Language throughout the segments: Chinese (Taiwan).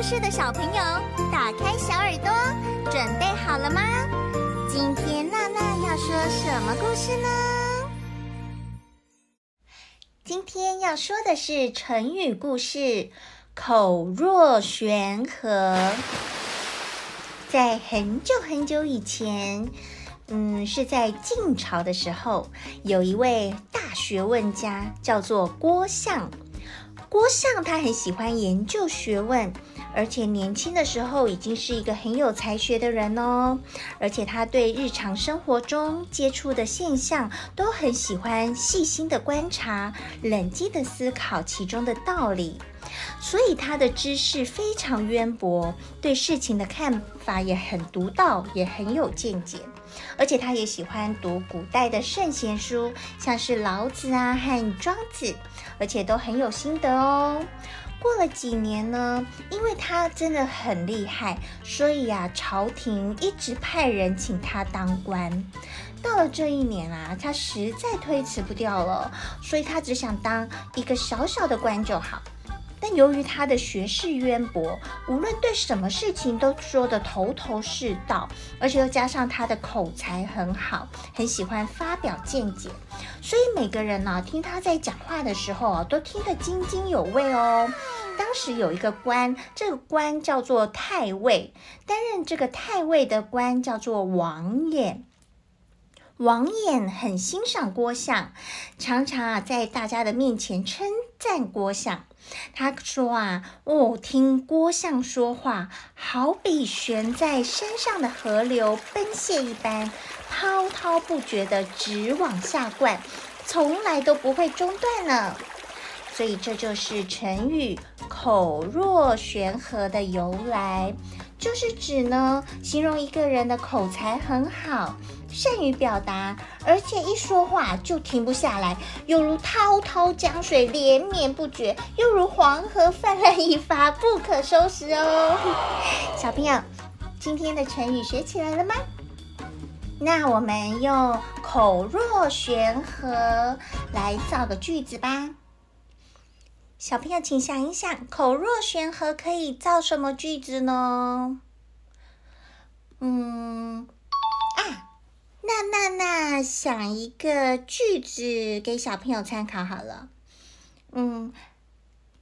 故事的小朋友，打開小耳朵，準備好了嗎？今天娜娜要說什麼故事呢？今天要說的是成語故事《口若懸河》。在很久很久以前，嗯，是在晉朝的時候，有一位大學問家叫做郭象。郭象他很喜歡研究學問。而且年輕的時候已經是一個很有才學的人哦，而且他對日常生活中接觸的現象都很喜歡細心的觀察，冷靜的思考其中的道理，所以他的知識非常淵博，對事情的看法也很獨到，也很有見解。而且他也喜歡讀古代的聖賢書，像是老子啊和莊子，而且都很有心得哦。過了幾年呢，因為他真的很厲害，所以啊，朝廷一直派人請他當官。到了這一年啊，他實在推辭不掉了，所以他只想當一個小小的官就好。但由於他的學識淵博，無論對什麼事情，都說得頭頭是道，而且又加上他的口才很好，很喜歡發表見解，所以每個人呢、啊、聽他在講話的時候啊，都聽得津津有味哦。當時有一個官，這個官叫做太尉，擔任這個太尉的官叫做王衍，王衍很欣賞郭象，常常啊在大家的面前稱。贊郭象，他說啊，哦，聽郭象說話，好比懸在山上的河流奔瀉一般，滔滔不絕的直往下灌，從來都不會中斷呢。所以這就是成語“口若懸河”的由來。就是指呢，形容一個人的口才很好，善於表達，而且一說話就停不下來，猶如滔滔江水連綿不絕，猶如黃河泛濫一發不可收拾哦。小朋友，今天的成語學起來了嗎？那我們用“口若懸河”來造個句子吧。小朋友，請想一想，“口若懸河”可以造什麼句子呢？嗯，啊，那那那，想一個句子給小朋友參考好了。嗯。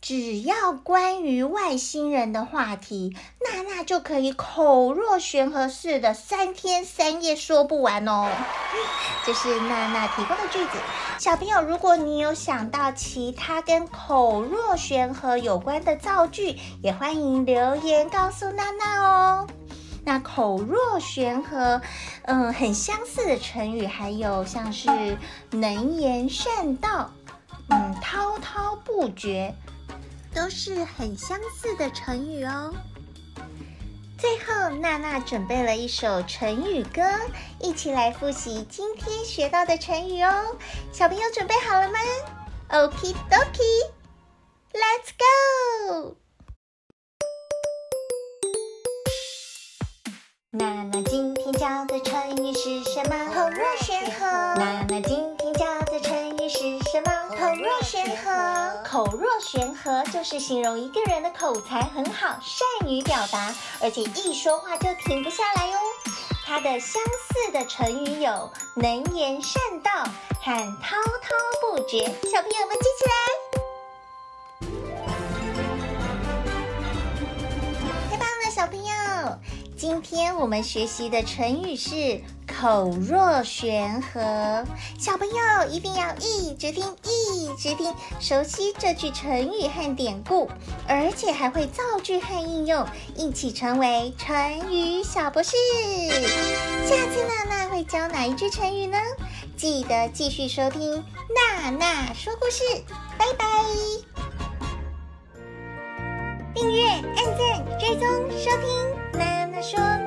只要關於外星人的話題，娜娜就可以口若懸河似的三天三夜說不完哦。這是娜娜提供的句子。小朋友，如果你有想到其他跟口若懸河有關的造句，也歡迎留言告訴娜娜哦。那口若懸河，嗯，很相似的成語還有像是能言善道，嗯，滔滔不絕。都是很相似的成語哦。最後，娜娜準備了一首成語歌，一起來複習今天學到的成語哦。小朋友準備好了嗎？Okey-dokey, let's go？娜娜今天教的成語是什麼？口若懸河。娜娜今天教的成他口若懸河，就是形容一個人的口才很好，善於表達，而且一說話就停不下來喲、哦。它的相似的成語有能言善道，和滔滔不絕。小朋友們記起來。今天我們學習的成語是口若懸河，小朋友一定要一直聽，一直聽，熟悉這句成語和典故，而且還會造句和應用，一起成為成語小博士。下次娜娜會教哪一句成語呢？記得繼續收聽娜娜說故事，拜拜。訂閱、按讚、追蹤、收聽。他說。